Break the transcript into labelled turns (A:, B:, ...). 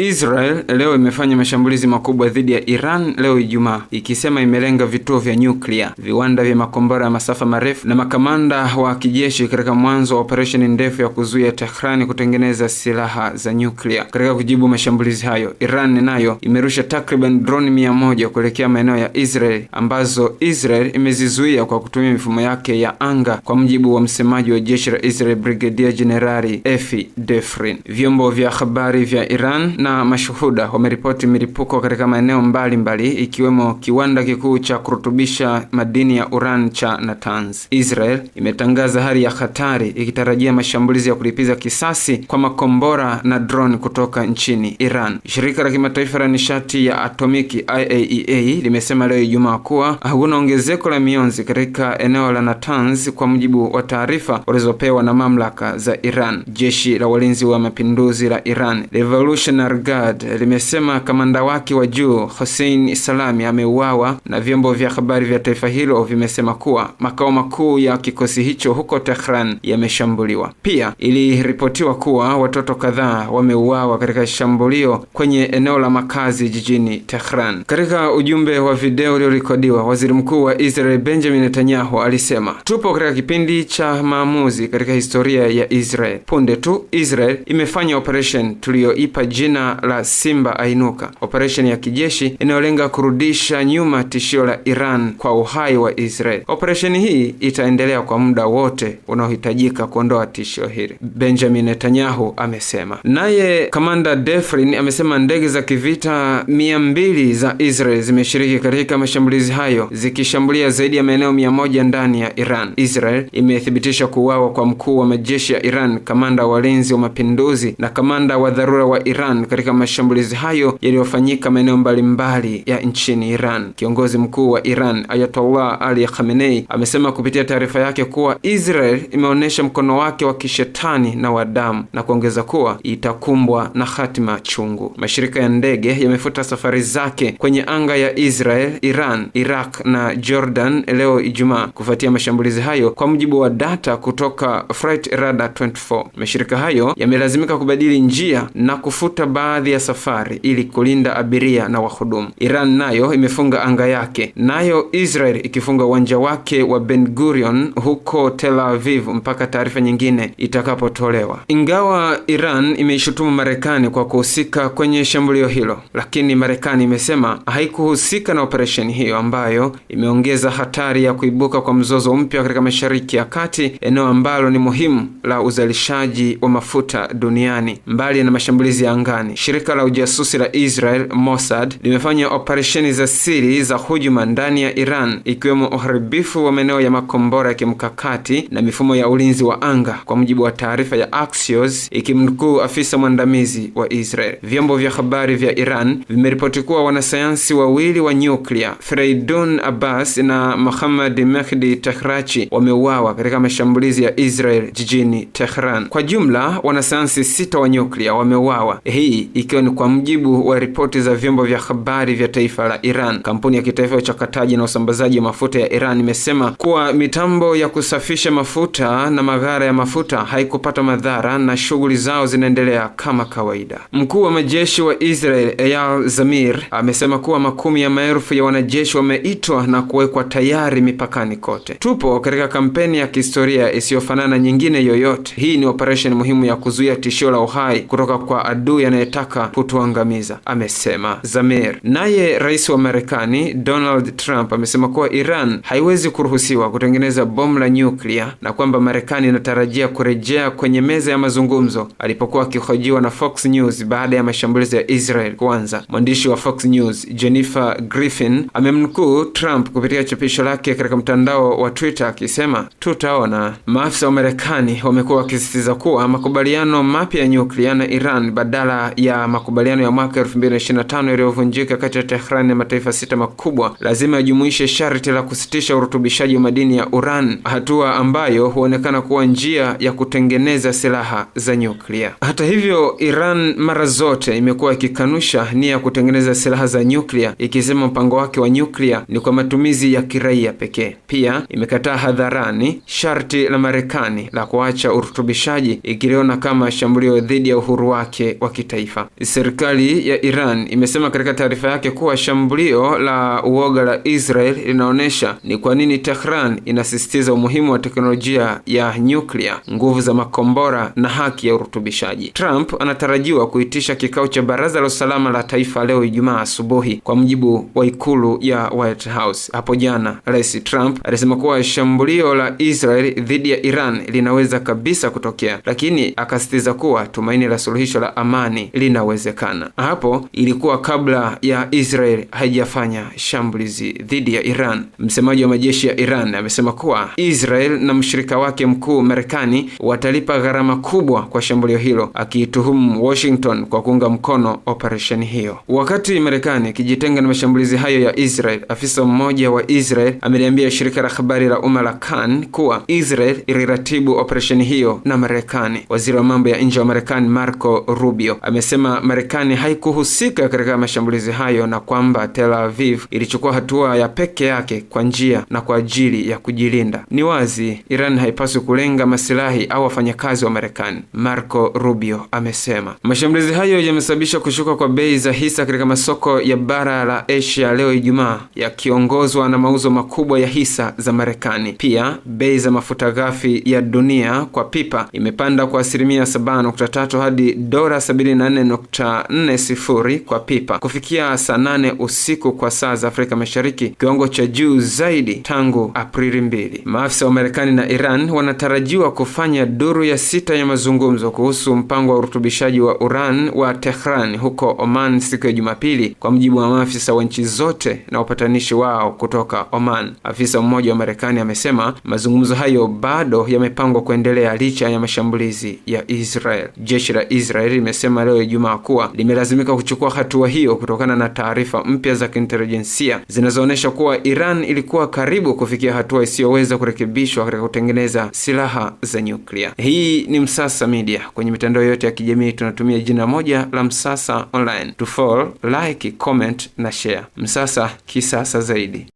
A: Israel leo imefanya mashambulizi makubwa dhidi ya Iran leo Ijumaa, ikisema imelenga vituo vya nyuklia, viwanda vya makombora ya masafa marefu na makamanda wa kijeshi katika mwanzo wa operesheni ndefu ya kuzuia Tehrani kutengeneza silaha za nyuklia. Katika kujibu mashambulizi hayo, Iran nayo imerusha takriban droni mia moja kuelekea maeneo ya Israel ambazo Israel imezizuia kwa kutumia mifumo yake ya anga, kwa mjibu wa msemaji wa jeshi la Israel Brigadier Jenerali Efi Defrin. Vyombo vya habari vya Iran na na mashuhuda wameripoti milipuko katika maeneo mbalimbali ikiwemo kiwanda kikuu cha kurutubisha madini ya uran cha Natanz. Israel imetangaza hali ya hatari ikitarajia mashambulizi ya kulipiza kisasi kwa makombora na drone kutoka nchini Iran. Shirika la kimataifa la nishati ya atomiki IAEA e limesema leo Ijumaa kuwa hakuna ongezeko la mionzi katika eneo la Natanz kwa mujibu wa taarifa walizopewa na mamlaka za Iran. Jeshi la walinzi wa mapinduzi la Iran Revolutionary Baghdad limesema kamanda wake wa juu Hussein Salami ameuawa, na vyombo vya habari vya taifa hilo vimesema kuwa makao makuu ya kikosi hicho huko Tehran yameshambuliwa. Pia iliripotiwa kuwa watoto kadhaa wameuawa katika shambulio kwenye eneo la makazi jijini Tehran. Katika ujumbe wa video uliorekodiwa, waziri mkuu wa Israel Benjamin Netanyahu alisema, tupo katika kipindi cha maamuzi katika historia ya Israel. Punde tu Israel imefanya operation tuliyoipa jina jina la simba ainuka, operesheni ya kijeshi inayolenga kurudisha nyuma tishio la Iran kwa uhai wa Israeli. Operesheni hii itaendelea kwa muda wote unaohitajika kuondoa tishio hili, Benjamin Netanyahu amesema. Naye kamanda Defrin amesema ndege za kivita mia mbili za Israel zimeshiriki katika mashambulizi hayo zikishambulia zaidi ya maeneo mia moja ndani ya Iran. Israel imethibitisha kuuawa kwa mkuu wa majeshi ya Iran, kamanda wa walinzi wa mapinduzi na kamanda wa dharura wa Iran katika mashambulizi hayo yaliyofanyika maeneo mbalimbali ya nchini Iran. Kiongozi mkuu wa Iran Ayatollah Ali Khamenei amesema kupitia taarifa yake kuwa Israel imeonyesha mkono wake wa kishetani na wa damu na kuongeza kuwa itakumbwa na hatima chungu. Mashirika ya ndege yamefuta safari zake kwenye anga ya Israel, Iran, Iraq na Jordan leo Ijumaa kufuatia mashambulizi hayo, kwa mujibu wa data kutoka Flight Radar 24. Mashirika hayo yamelazimika kubadili njia na kufuta baadhi ya safari ili kulinda abiria na wahudumu. Iran nayo imefunga anga yake, nayo Israel ikifunga uwanja wake wa Ben Gurion huko Tel Aviv mpaka taarifa nyingine itakapotolewa. Ingawa Iran imeishutumu Marekani kwa kuhusika kwenye shambulio hilo, lakini Marekani imesema haikuhusika na operesheni hiyo, ambayo imeongeza hatari ya kuibuka kwa mzozo mpya katika Mashariki ya Kati, eneo ambalo ni muhimu la uzalishaji wa mafuta duniani, mbali na mashambulizi ya angani. Marekani. Shirika la ujasusi la Israel Mossad limefanya operesheni za siri za hujuma ndani ya Iran, ikiwemo uharibifu wa maeneo ya makombora ya kimkakati na mifumo ya ulinzi wa anga, kwa mujibu wa taarifa ya Axios ikimnukuu afisa mwandamizi wa Israel. Vyombo vya habari vya Iran vimeripoti kuwa wanasayansi wawili wa nyuklia freidun Abbas na Mohammad Mehdi Tehrachi wameuawa katika mashambulizi ya Israel jijini Tehran. Kwa jumla wanasayansi sita wa nyuklia wameuawa. Hii ikiwa ni kwa mjibu wa ripoti za vyombo vya habari vya taifa la Iran. Kampuni ya kitaifa ya uchakataji na usambazaji wa mafuta ya Iran imesema kuwa mitambo ya kusafisha mafuta na maghara ya mafuta haikupata madhara na shughuli zao zinaendelea kama kawaida. Mkuu wa majeshi wa Israel Eyal Zamir amesema kuwa makumi ya maelfu ya wanajeshi wameitwa na kuwekwa tayari mipakani kote. Tupo katika kampeni ya kihistoria isiyofanana nyingine yoyote. Hii ni operesheni muhimu ya kuzuia tishio la uhai kutoka kwa adui anaye ametaka kutuangamiza, amesema Zamir. Naye rais wa Marekani Donald Trump amesema kuwa Iran haiwezi kuruhusiwa kutengeneza bomu la nyuklia na kwamba Marekani inatarajia kurejea kwenye meza ya mazungumzo, alipokuwa akihojiwa na Fox News baada ya mashambulizi ya Israel kuanza. Mwandishi wa Fox News Jennifer Griffin amemnukuu Trump kupitia chapisho lake katika mtandao wa Twitter akisema, tutaona. Maafisa wa Marekani wamekuwa wakisisitiza kuwa makubaliano mapya ya nyuklia na Iran badala ya makubaliano ya mwaka 2025 yaliyovunjika kati ya Tehran na mataifa sita makubwa lazima yajumuishe sharti la kusitisha urutubishaji wa madini ya uran, hatua ambayo huonekana kuwa njia ya kutengeneza silaha za nyuklia. Hata hivyo, Iran mara zote imekuwa ikikanusha nia ya kutengeneza silaha za nyuklia, ikisema mpango wake wa nyuklia ni kwa matumizi ya kiraia pekee. Pia imekataa hadharani sharti la Marekani la kuacha urutubishaji, ikiliona kama shambulio dhidi ya uhuru wake wa kitaifa kimataifa. Serikali ya Iran imesema katika taarifa yake kuwa shambulio la uoga la Israel linaonyesha ni kwa nini Tehran inasisitiza umuhimu wa teknolojia ya nyuklia, nguvu za makombora na haki ya urutubishaji. Trump anatarajiwa kuitisha kikao cha Baraza la Usalama la Taifa leo Ijumaa asubuhi, kwa mujibu wa ikulu ya White House. Hapo jana Rais Trump alisema kuwa shambulio la Israel dhidi ya Iran linaweza kabisa kutokea, lakini akasisitiza kuwa tumaini la suluhisho la amani linawezekana. Hapo ilikuwa kabla ya Israel haijafanya shambulizi dhidi ya Iran. Msemaji wa majeshi ya Iran amesema kuwa Israel na mshirika wake mkuu Marekani watalipa gharama kubwa kwa shambulio hilo, akiituhumu Washington kwa kuunga mkono operesheni hiyo. Wakati Marekani ikijitenga na mashambulizi hayo ya Israel, afisa mmoja wa Israel ameliambia shirika la habari la umma la Kan kuwa Israel iliratibu operesheni hiyo na Marekani. Waziri wa mambo ya nje wa Marekani Marco Rubio ame imesema Marekani haikuhusika katika mashambulizi hayo na kwamba Tel Aviv ilichukua hatua ya peke yake kwa njia na kwa ajili ya kujilinda. Ni wazi Iran haipaswi kulenga masilahi au wafanyakazi wa Marekani, Marco Rubio amesema. Mashambulizi hayo yamesababisha kushuka kwa bei za hisa katika masoko ya bara la Asia leo Ijumaa, yakiongozwa na mauzo makubwa ya hisa za Marekani. Pia bei za mafuta ghafi ya dunia kwa pipa imepanda kwa asilimia 7.3 hadi dola 8.40 kwa pipa kufikia saa 8 usiku kwa saa za Afrika Mashariki, kiwango cha juu zaidi tangu Aprili mbili Maafisa wa Marekani na Iran wanatarajiwa kufanya duru ya sita ya mazungumzo kuhusu mpango wa urutubishaji wa uran wa Tehran huko Oman siku ya Jumapili, kwa mujibu wa maafisa wa nchi zote na upatanishi wao kutoka Oman. Afisa mmoja wa Marekani amesema mazungumzo hayo bado yamepangwa kuendelea licha ya mashambulizi ya Israel. Jeshi la Israel limesema leo leo Ijumaa kuwa limelazimika kuchukua hatua hiyo kutokana na taarifa mpya za kiintelijensia zinazoonyesha kuwa Iran ilikuwa karibu kufikia hatua isiyoweza kurekebishwa katika kutengeneza silaha za nyuklia. Hii ni Msasa Media. Kwenye mitandao yote ya kijamii tunatumia jina moja la Msasa Online. To follow, like, comment na share. Msasa kisasa zaidi.